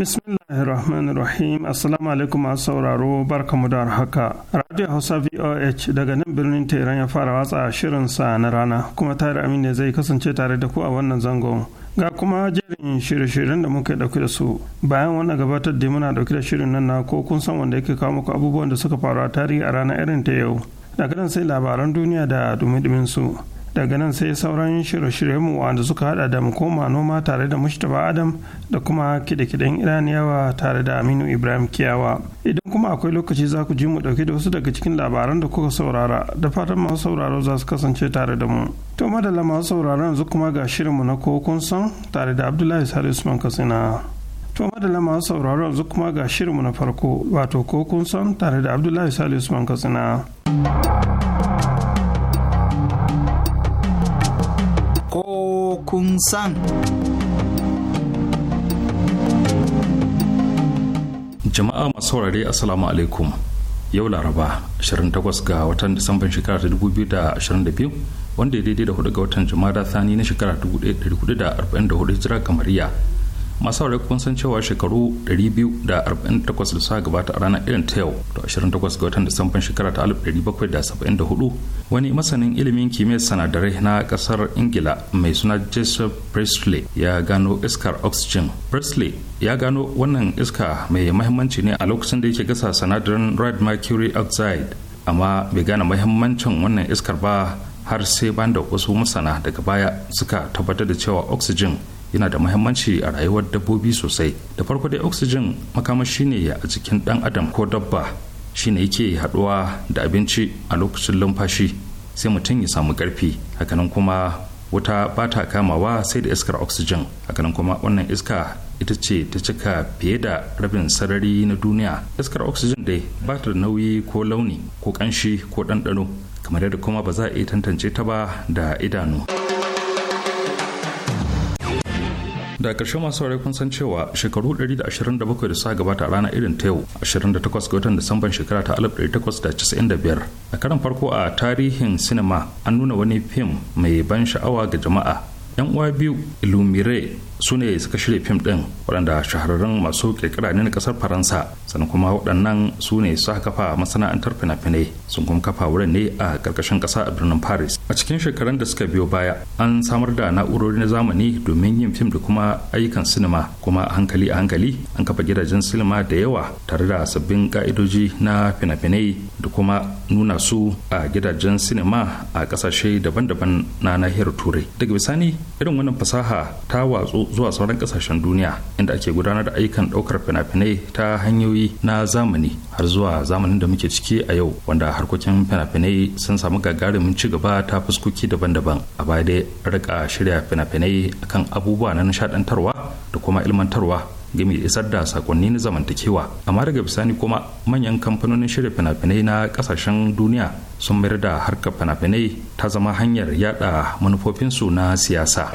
Bismillahirrahmanirrahim. Assalamu alaikum masu sauraro barkamu da haka. Radio Hausa VOH daga nan birnin Tehran ya fara watsa shirin sa na rana kuma tare amin ne zai kasance tare da ku a wannan zangon. Ga kuma jerin shirye-shiryen da muka dauke da su. Bayan wannan gabatar da muna dauke da shirin nan na ko kun san wanda yake kawo muku abubuwan da suka faru a tarihi a ranar irin ta yau. Daga sai labaran duniya da dumi-dumin su. daga nan sai sauran shirye-shiryenmu wanda suka hada da mu koma noma tare da mustapha adam da kuma kide-kiden iraniyawa tare da aminu ibrahim kiyawa idan kuma akwai lokaci za ku ji mu dauke da wasu daga cikin labaran da kuka saurara da fatan masu sauraro za su kasance tare da mu to madalla masu sauraro yanzu kuma ga shirinmu na kokun san tare da abdullahi salisu usman katsina to madalla masu sauraro yanzu kuma ga shirinmu na farko wato kokun san tare da abdullahi salisu usman katsina ko kun san. Jama'a masu saurare Assalamu alaikum yau Laraba 28 ga watan Disamban shekara ta 2022 wanda ya daidai da hudu ga watan Jumada Thani na shekara 1444 Hijira kamariya. masu aure kun san cewa shekaru 248 da suka gabata a ranar irin ta yau to 28 ga watan disamban shekara ta 1774 wani masanin ilimin kimiyyar sanadarai na kasar ingila mai suna joseph presley ya gano iskar oxygen presley ya gano wannan iska mai mahimmanci ne a lokacin da yake gasa sanadarin red mercury oxide amma bai gane mahimmancin wannan iskar ba har sai ban da wasu masana daga baya suka tabbatar da cewa oxygen yana da muhimmanci a rayuwar dabbobi sosai da farko dai oxygen makamashi ne a cikin dan adam ko dabba shine yake haduwa da abinci a lokacin lumfashi sai mutum ya samu karfi hakanan kuma wuta ba ta kamawa sai da iskar oxygen hakanan kuma wannan iska ita ce ta cika fiye da rabin sarari na duniya iskar oxygen dai ba ta da nauyi ko launi ko kanshi ko ɗanɗano kamar yadda kuma ba za a iya tantance ta ba da idanu. da ƙarshe masu saurari kun san cewa shekaru 127 da suka gabata rana irin ta yau 28 ga watan disamban shekara ta 1895 a karan farko a tarihin sinima an nuna wani fim mai ban sha'awa ga jama'a yan uwa biyu ilumire su ne suka shirya fim ɗin waɗanda shahararrun masu ƙirƙira ne na ƙasar faransa sannan kuma waɗannan su ne su kafa masana'antar fina-finai sun kuma kafa wurin ne a ƙarƙashin ƙasa a birnin paris a cikin shekarun da suka biyo baya an samar da na'urori na zamani domin yin fim da kuma ayyukan sinima kuma a hankali a hankali an kafa gidajen sinima da yawa tare da sabbin ka'idoji na fina-finai da kuma nuna su a gidajen sinima a ƙasashe daban-daban na nahiyar turai daga bisani irin wannan fasaha ta watsu zuwa sauran kasashen duniya inda ake gudanar da ayyukan daukar fina-finai ta hanyoyi na zamani har zuwa zamanin da muke ciki a yau wanda harkokin fina-finai sun samu gagarumin ci gaba ta fuskoki daban-daban a baya dai rika shirya fina-finai akan abubuwa na nishadantarwa da kuma ilmantarwa game da isar da sakonni na zamantakewa amma daga bisani kuma manyan kamfanonin shirya fina-finai na kasashen duniya sun mayar da harkar fina-finai ta zama hanyar yada manufofinsu na siyasa.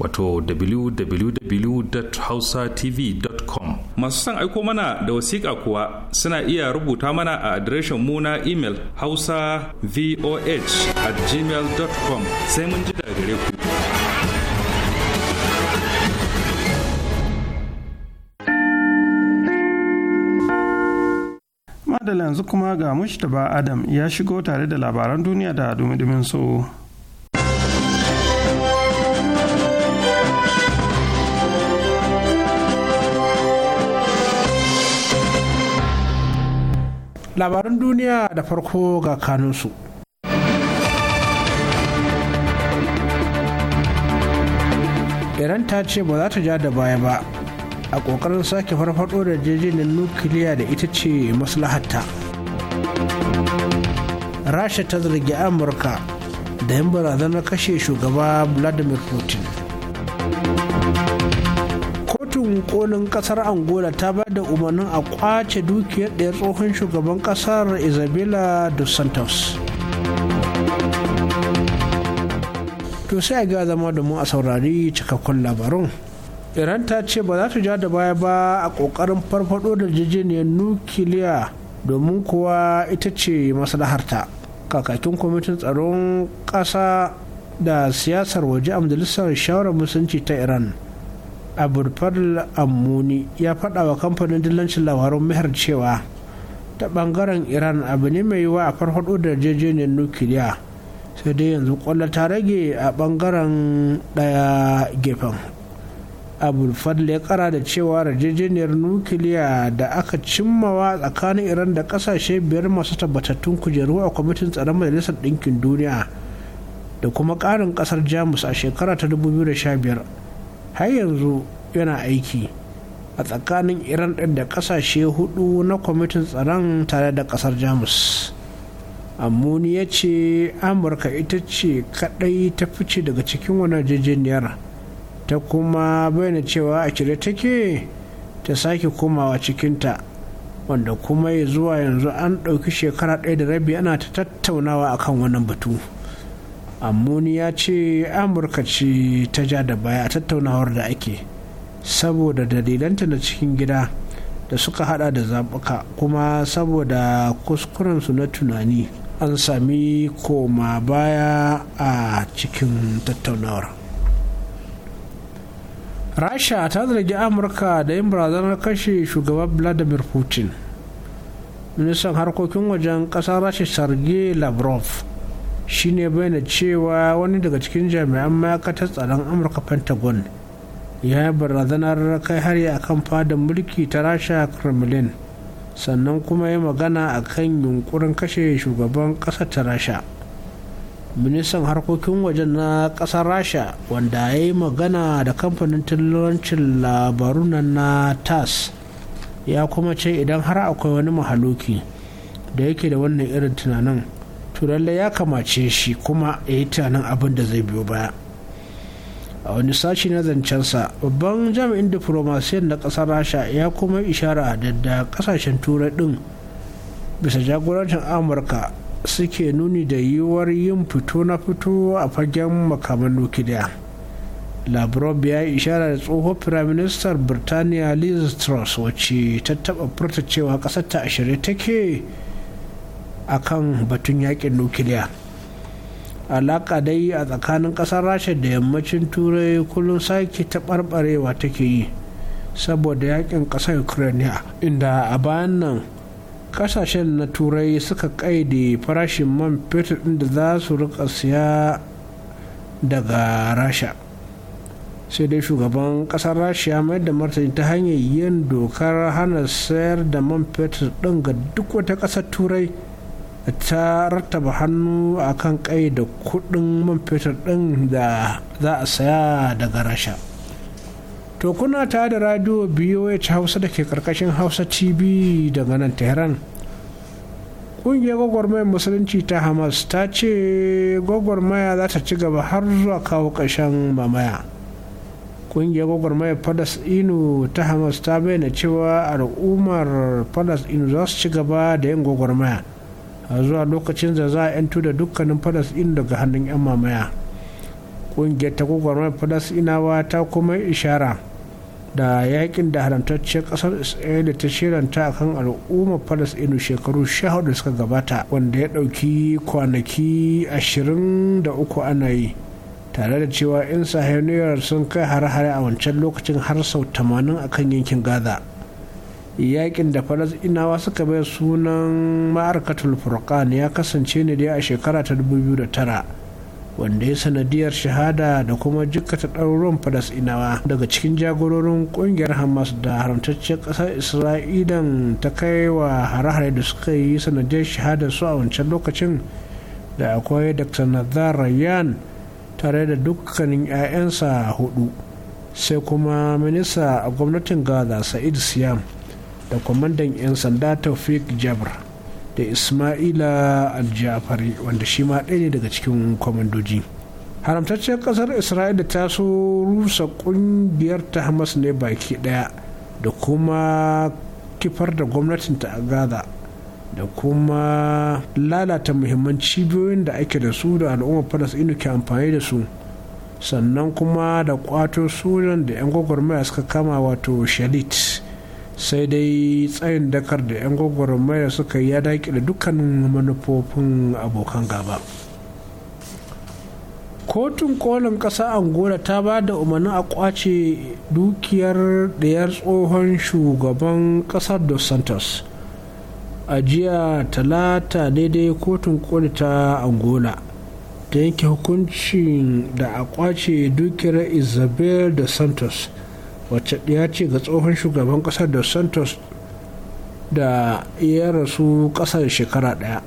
wato www.hausatv.com masu son aiko mana da wasiƙa kuwa suna iya rubuta mana a adireshin mu na imel hausa voh at gmail.com sai mun ji daga gare ku madala yanzu kuma ga mushtaba adam ya shigo tare da labaran duniya da dumi-dumin so labaran duniya da farko ga kanunsu iran ta ce ba za ta ja da baya ba a ƙoƙarin sake farfado da jejinin nukiliya da ita ce maslahatta rasha ta zargi amurka da yin barazanar kashe shugaba vladimir putin kotun kolin kasar angola ta ba da umarnin a kwace dukiyar ɗaya tsohon shugaban kasar isabella dos santos to sai a ga zama domin a saurari cikakkun labarun iran ta ce ba za ta ja da baya ba a kokarin farfado da jijiniyar nukiliya domin kuwa ita ce maslaharta kakakin kwamitin tsaron ƙasa da siyasar waje a majalisar shawarar musulunci ta iran abulfadl ammuni ya faɗa wa kamfanin dillancin labarun mihar cewa ta bangaren iran abu ne mai yiwa a farfaɗo da yarjejeniyar nukiliya sai dai yanzu kwallo ta rage a ɓangaren ɗaya gefen abulfadl ya kara da cewa yarjejeniyar nukiliya da aka cimmawa tsakanin iran da ƙasashe biyar masu tabbatattun kujeru a kwamitin tsaron majalisar ɗinkin duniya da kuma ƙarin ƙasar jamus a shekara ta 2015 har yanzu yana aiki a tsakanin iran ɗin da ƙasashe hudu na kwamitin tsaron tare da ƙasar jamus ammoni ya ce amurka ita ce kaɗai ta fice daga cikin wani yarjejeniyar ta kuma bayyana cewa a cire take ta sake komawa cikinta wanda kuma ya zuwa yanzu an ɗauki shekara ɗaya da rabi ana ta tattaunawa akan wannan batu ammoni ya ce amurka ce ta ja da baya a tattaunawar da ake saboda dalilanta na cikin gida da suka hada da zaɓuka kuma saboda kuskurensu na tunani an sami koma baya a cikin tattaunawar rasha ta zargi amurka da yin barazanar kashe shugaban vladimir putin ministan harkokin wajen kasar rasha sarge lavrov shine bayyana cewa wani daga cikin jami'an ta tsaron amurka pentagon ya yi barazanar kai hari a kan fadar mulki ta rasha kremlin sannan kuma ya magana a kan yunkurin kashe shugaban ƙasar ta rasha ministan harkokin wajen na ƙasar rasha wanda ya yi magana da kamfanin tallancin labarun na tas ya kuma ce idan har akwai wani mahaloki da yake da wannan irin tunanin turalle ya kamace shi kuma ya yi tunanin abin da zai biyo baya a wani sashi na zancensa babban jami'in diplomasiyyar na ƙasar rasha ya kuma ishara da da kasashen turai din bisa jagorancin amurka suke nuni da yiwuwar yin fito na fito a fagen makaman nukiliya lavrov ya yi ishara da tsohon firaministar birtaniya liz truss wacce ta taba furta cewa kasar ta ashirin take akan batun yakin nukiliya alaƙa dai a tsakanin ƙasar rasha da yammacin turai kullum sake taɓarɓarewa take yi saboda yakin ƙasar ukraine inda a bayan nan kasashen na turai suka kaide farashin man fetur ɗin da za su rika siya daga rasha sai dai shugaban kasar rasha mai da martani ta hanyar yin dokar hana sayar da man fetur ɗin ga duk wata ƙasar turai ta rattaba hannu a kan kai da kudin man fetur din da za a saya daga rasha to kuna ta da radio boh hausa da ke karkashin hausa tv daga nan tehran ƙungiyar gwagwarmayar musulunci ta hamas ta ce gwagwarmaya za ta ci gaba har zuwa kawo ƙarshen mamaya kungiyar gwagwarmayar inu ta hamas ta bayyana cewa al'ummar inu za su ci gaba da yin gwagwarmaya a zuwa lokacin da za a 'yantu da dukkanin falasɗin daga hannun 'yan mamaya ƙungiyar ta gwagwarmar falasɗinawa ta kuma ishara da yakin da haramtacciyar ƙasar isra'ila ta shiranta a kan al'ummar falasɗinu shekaru sha da suka gabata wanda ya ɗauki kwanaki ashirin da uku ana yi tare da cewa 'yan sahaniyar sun kai hare-hare a wancan lokacin har sau 80 a kan yankin gaza yakin da falasɗinawa suka bai sunan ma'arkatul furqan ya kasance ne dai a shekara ta 2009 wanda ya sanadiyar shahada da kuma jikkata ɗaruruwan falasɗinawa daga cikin jagororin ƙungiyar hamas da haramtaccen ƙasar isra'ila ta kai wa hare-hare da suka yi sanadiyar shahada su a wancan lokacin da akwai dr nazar rayyan tare da dukkanin 'ya'yansa hudu sai kuma minista a gwamnatin gaza sa'id siyam da kwamandan 'yan sanda taufik jabr da ismaila aljafari wanda shi ma ɗaya ne daga cikin kwamandoji haramtaccen ƙasar isra'ila ta so rusa ƙungiyar ta hamas ne baki ɗaya da kuma kifar da gwamnatinta a gaza da kuma lalata muhimman cibiyoyin da ake da su da al'ummar falasɗinu ke amfani da su sannan kuma da kwato sojan da 'yan gwagwarmaya suka kama wato shalit sai dai tsayin dakar da 'yan maya suka yi ya daƙi da dukkanin manufofin abokan gaba kotun kolin ƙasa angola ta ba da umarnin a kwace dukiyar ɗayar tsohon shugaban ƙasar dos santos a jiya talata ne dai kotun koli ta angola ta yanke hukuncin da a kwace dukiyar isabel dos santos wacce ya ce ga tsohon shugaban kasar da santos da ya rasu kasar shekara daya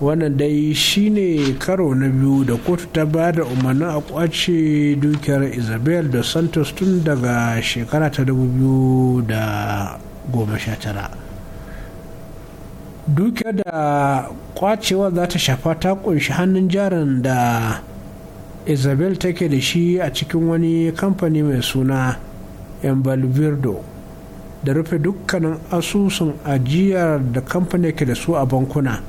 wannan dai shine karo na biyu da kotu ta ba da umarnin a kwace dukiyar isabel dos santos tun daga shekara ta 2019 dukiya da kwacewa za ta shafa ta kunshi hannun jarin da isabel take da shi a cikin wani kamfani mai suna 'yan balbirdo da rufe dukkanin asusun ajiyar da kamfani ke da su a bankuna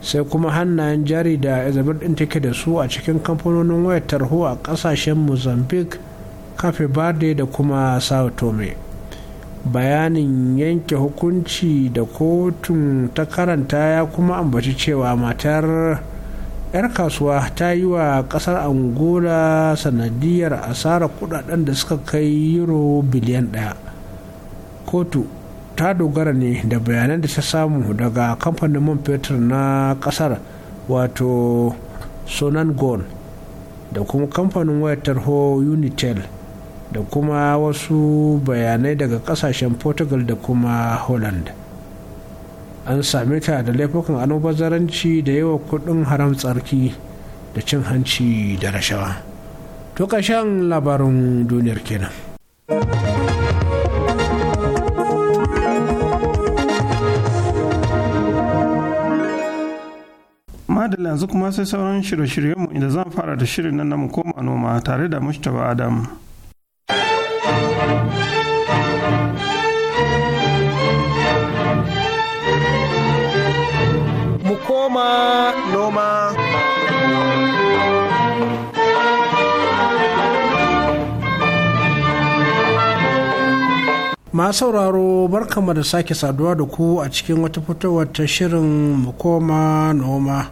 sai kuma hannayen jari da izabir din take da su a cikin kamfanonin wayar tarho a kasashen mozambique kafe verde da kuma sao tome bayanin yanke hukunci da kotun ta karanta ya kuma ambaci cewa matar 'yar kasuwa ta yi wa kasar angola sanadiyar asarar kudaden da suka kai euro biliyan daya kotu ta dogara ne da bayanan da ta samu daga kamfanin man fetur na kasar wato sonangon da kuma kamfanin wayar tarho unitel da kuma wasu bayanai daga kasashen portugal da kuma holland an same ta da laifukan almubazzaranci da yawa kudin haram tsarki da cin hanci da rashawa to shan labarin duniyar kenan madalla yanzu kuma sai sauran shirye-shiryenmu inda zan fara da shirin nan na mu koma noma tare da mustapha adam noma noma. Ma sauraro barkama da sake saduwa da ku a cikin wata fitowar ta shirin koma noma.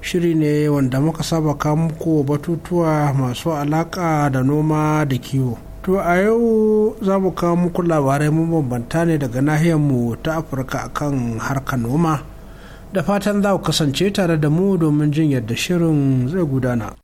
Shiri ne wanda muka saba muku batutuwa masu alaka da noma da kiwo. To a yau za mu kawo muku labarai mabambanta ne daga nahiyar mu ta Afirka akan harkar noma. da fatan za ku kasance tare da mu domin jin yadda shirin zai gudana.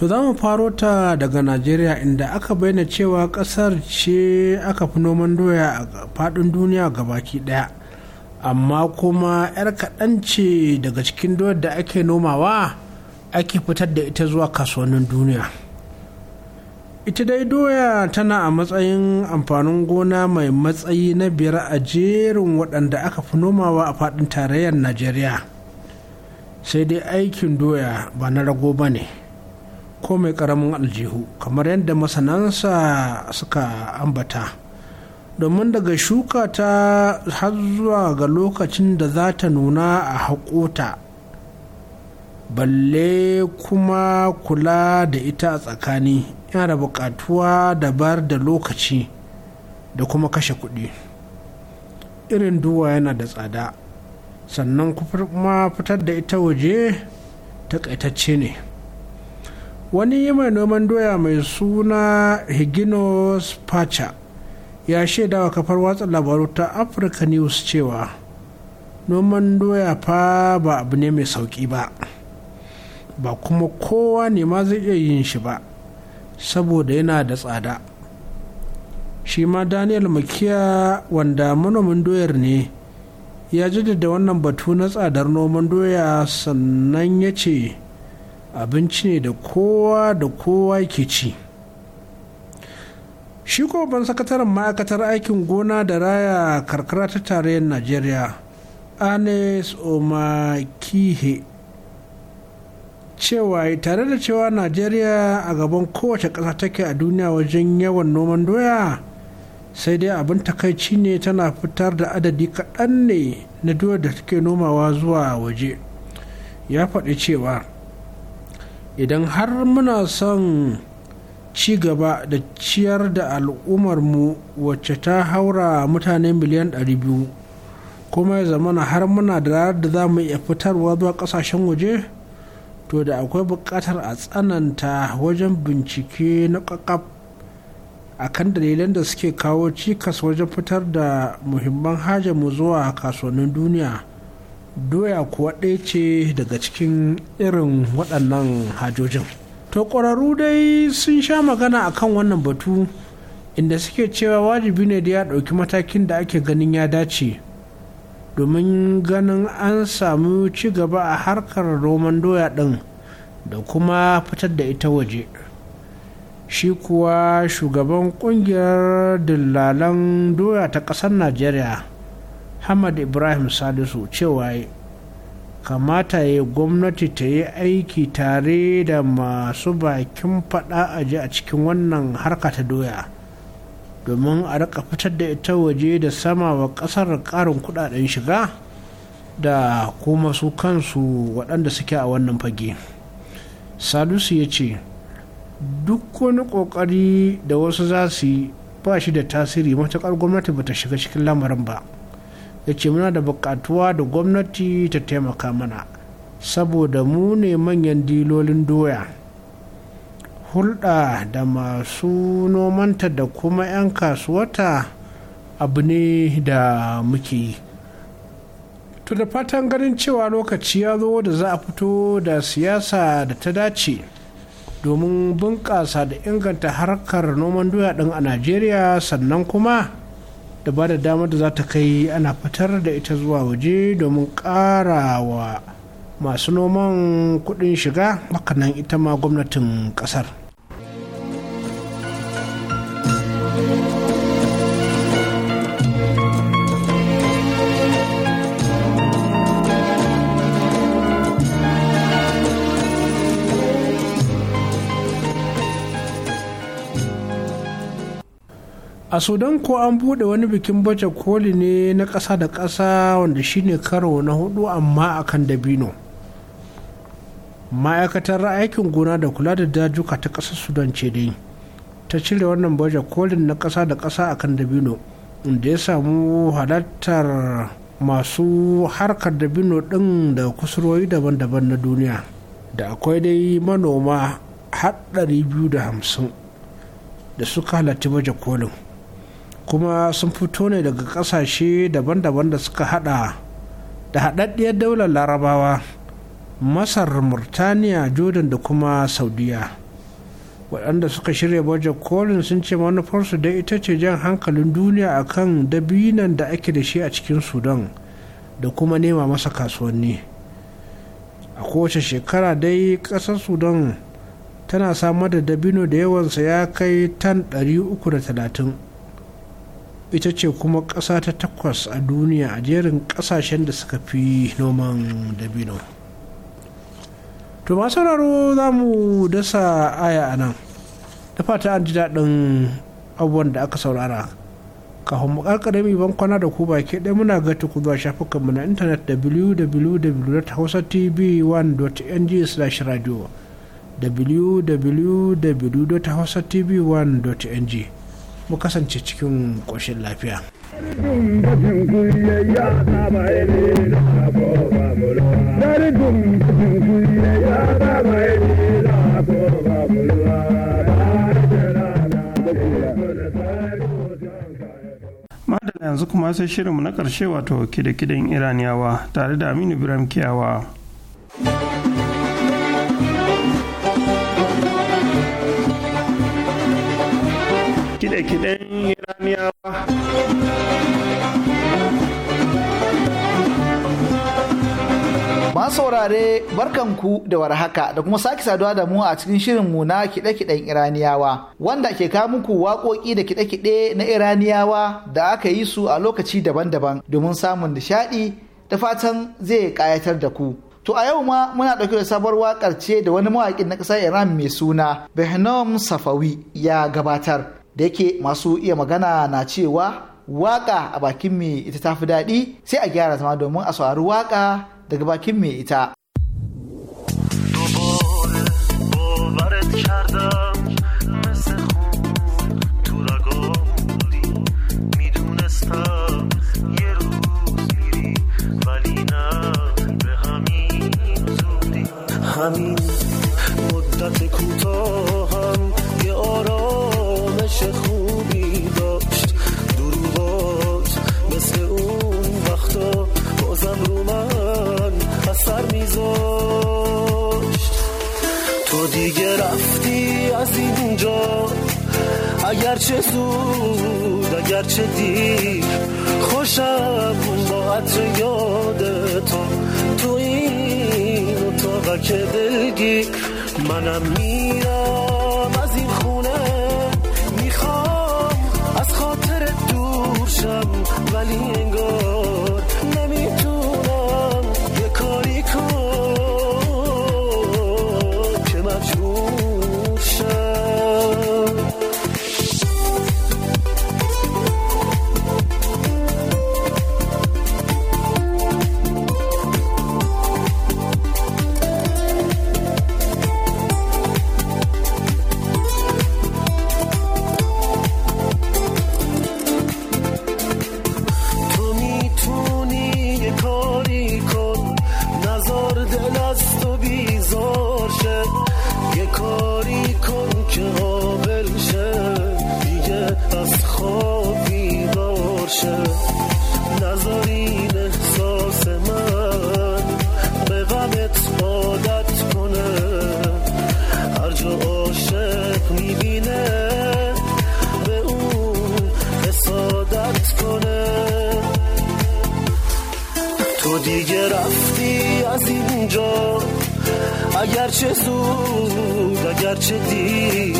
to za mu faro ta daga najeriya inda aka bayyana cewa kasar ce aka fi noman doya a fadin duniya baki ɗaya amma kuma 'yar kaɗan ce daga cikin doyar da ake nomawa ake fitar da ita zuwa kasuwannin duniya ita dai doya tana a matsayin amfanin gona mai matsayi na biyar a jerin waɗanda aka fi nomawa a faɗin tarayyar najeriya sai dai aikin doya ba na rago ba ne ko mai karamin aljihu kamar yadda masanansa suka ambata domin daga shuka ta har zuwa ga lokacin da za ta nuna a haƙota balle kuma kula da ita a tsakani yana da buƙatuwa da bayar da lokaci da kuma kashe kuɗi irin duwa yana da tsada sannan kuma fitar da ita waje takaitacce ne wani mai noman doya mai suna higinos pacha ya shaida wa kafar watsa labaru ta africa news cewa noman doya fa ba abu ne mai sauki ba ba kuma kowa ne ma zai iya yin shi ba saboda yana da tsada shi ma daniel makiya wanda manomin doyar ne ya jaddada wannan batu na tsadar noman doya sannan ya ce abinci ne da kowa da kowa ke ci shi ko ban sakataren ma'aikatar aikin gona da raya karkara ta tarayyar najeriya anes omakihe cewa tare da cewa najeriya a gaban kowace ƙasa take a duniya wajen yawan noman doya sai dai abin takaici ne tana fitar da adadi kaɗan ne na doya da take nomawa zuwa waje ya faɗi cewa idan har muna son ci gaba da ciyar da al'ummarmu wacce ta haura mutane miliyan 200 kuma ya zamana har muna da da za mu iya fitarwa zuwa kasashen waje to da akwai buƙatar a tsananta wajen bincike na ƙaƙaf a kan dalilan da suke kawo cikas wajen fitar da muhimman mu zuwa kasuwannin duniya doya kuwa ɗaya ce daga cikin irin waɗannan hajojin to ƙwararru dai sun sha magana a kan wannan batu inda suke cewa wajibi ne da ya ɗauki matakin da ake ganin ya dace domin ganin an samu ci gaba a harkar roman doya ɗin da kuma fitar da ita waje shi kuwa shugaban ƙungiyar dillalan doya ta ƙasar najeriya hamad ibrahim salisu cewa kamata ya gwamnati ta yi aiki tare da masu bakin fada aji a cikin wannan harka ta doya domin a rika fitar da ita waje da sama wa kasar karin kudaden shiga da kuma su kansu waɗanda suke a wannan fage salusu ya ce duk wani ƙoƙari da wasu za su yi ba shi da tasiri matuƙar gwamnati ba ta shiga cikin lamarin ba ya ce muna da buƙatuwa da gwamnati ta taimaka mana saboda mu ne manyan dilolin doya hulɗa da masu nomanta da kuma 'yan kasuwata abu ne da muke yi to da fatan ganin cewa lokaci ya zo da za a fito da siyasa da ta dace domin bunƙasa da inganta harkar noman doya ɗin a najeriya sannan kuma da ba da damar da za ta kai ana fitar da ita zuwa waje domin ƙara wa masu noman kuɗin shiga hakanan ita ma gwamnatin ƙasar. a sudan ko an bude wani bikin baje koli ne na ƙasa da ƙasa wanda shine karo na hudu amma akan dabino ma'aikatar aikin gona da kula da dajuka ta ƙasar sudan ce dai ta cire wannan baje kolin na ƙasa da ƙasa akan dabino inda ya samu halartar masu harkar dabino ɗin da kusurwoyi daban-daban na duniya da akwai dai manoma har 250 da suka halarci baje kolin kuma sun fito ne daga kasashe daban-daban da suka hada da haɗaɗɗiyar daular larabawa masar murtaniya jordan da kuma saudiya waɗanda suka shirya baje kolin sun ce manufarsu da ita ce jan hankalin duniya a kan dabinan da ake da shi a cikin sudan da kuma nema masa kasuwanni a kowace shekara dai ƙasar sudan tana samar da dabino da yawansa ya kai tan 330 ita ce kuma ƙasa ta takwas a duniya a jerin ƙasashen da suka fi noman dabino to ma sauraro za mu dasa aya a nan da fata an ji daɗin abubuwan da aka saurara kafin mu karkare mai bankwana da ku baki ɗaya muna ga tuku zuwa shafukanmu na intanet www.hausatv1.ng/radio www.hausatv1.ng mu kasance cikin ƙoshin lafiya. Madalla yanzu kuma sai shirinmu na ƙarshe wato kide-kiden Iraniyawa tare da Aminu Ibrahim Kiyawa. kiɗe-kiɗen iraniyawa saurare barkanku da warhaka da kuma sake saduwa da mu a cikin shirinmu na kiɗe-kiɗen iraniyawa wanda ke kawo muku waƙoƙi da kiɗe-kiɗe na iraniyawa da aka yi su a lokaci daban-daban domin samun nishaɗi da fatan zai ƙayatar da ku to a yau ma muna ɗauke da sabuwar waƙar ce da wani mawaƙin na ƙasar iran mai suna behnam safawi ya gabatar da yake masu iya magana na cewa waka a bakin mai ita ta fi daɗi sai a gyara zama domin a saurari waka daga bakin mai ita. اگرچه زود اگرچه دیر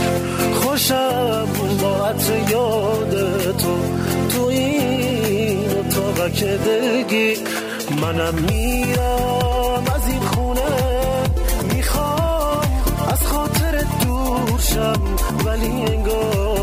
خوشم با عطر یاد تو تو این که دلگی منم میرم از این خونه میخوام از خاطر دور شم ولی انگار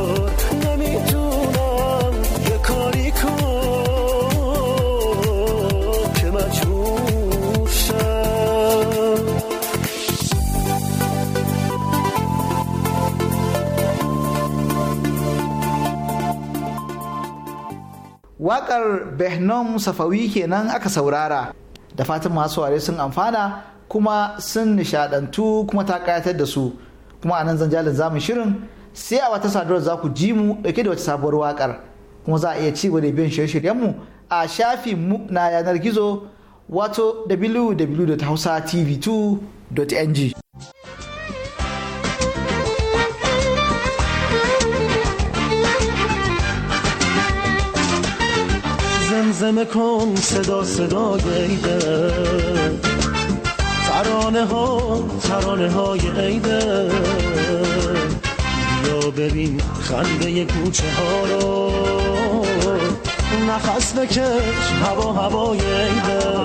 waƙar behnom safawi kenan aka saurara da fatan masu ware sun amfana kuma sun nishadantu kuma ta kayatar da su kuma a nan zanjalin zamu shirin sai a wata saduwar za ku ji mu dauke da wata sabuwar wakar kuma za a iya ci da biyan shirye shiryen mu a shafin mu na yanar gizo wato www.hausatv2.ng زمزمه کن صدا صدا عیده ترانه ها ترانه های عیده بیا ببین خنده کوچه ها رو نفس بکش هوا هوای عیده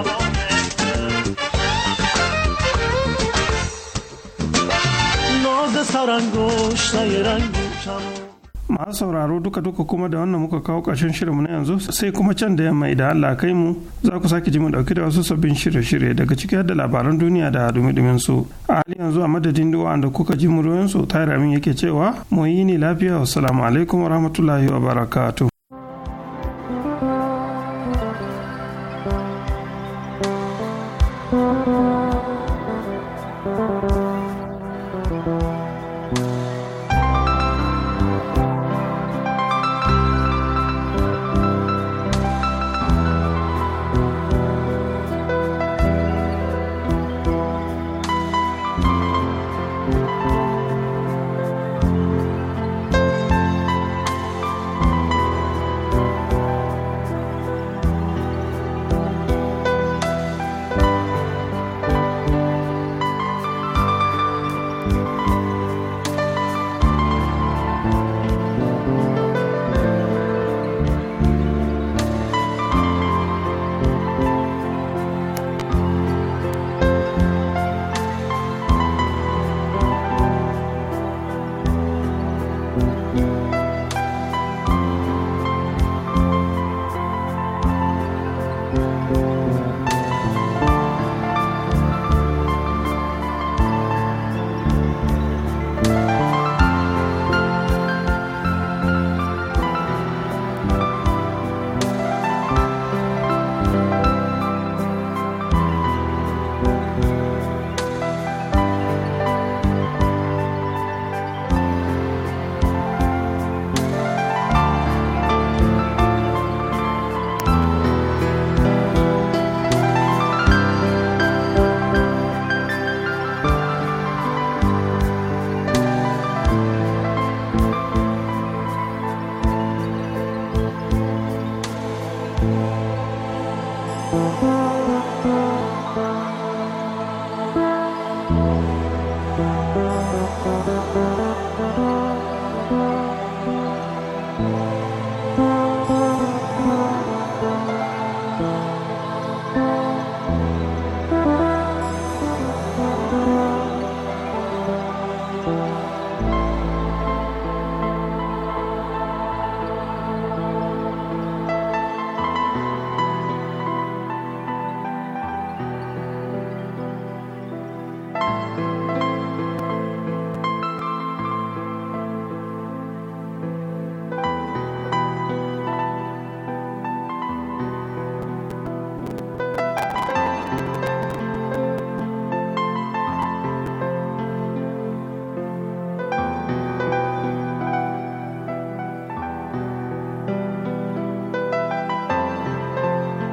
ناز سرانگوش رنگ کمون masu sauraro duka-duka kuma da wannan muka kawo ƙarshen shirinmu na yanzu sai kuma can da yamma idan Allah kai mu za ku sake ji mu dauki da wasu sabbin shirye-shirye daga ciki da labaran duniya da dumi-dumin su a hali yanzu a madadin duwa da kuka ji muryoyin su tayar yake cewa mu yi ne lafiya wassalamu alaikum rahmatullahi wa barakatu.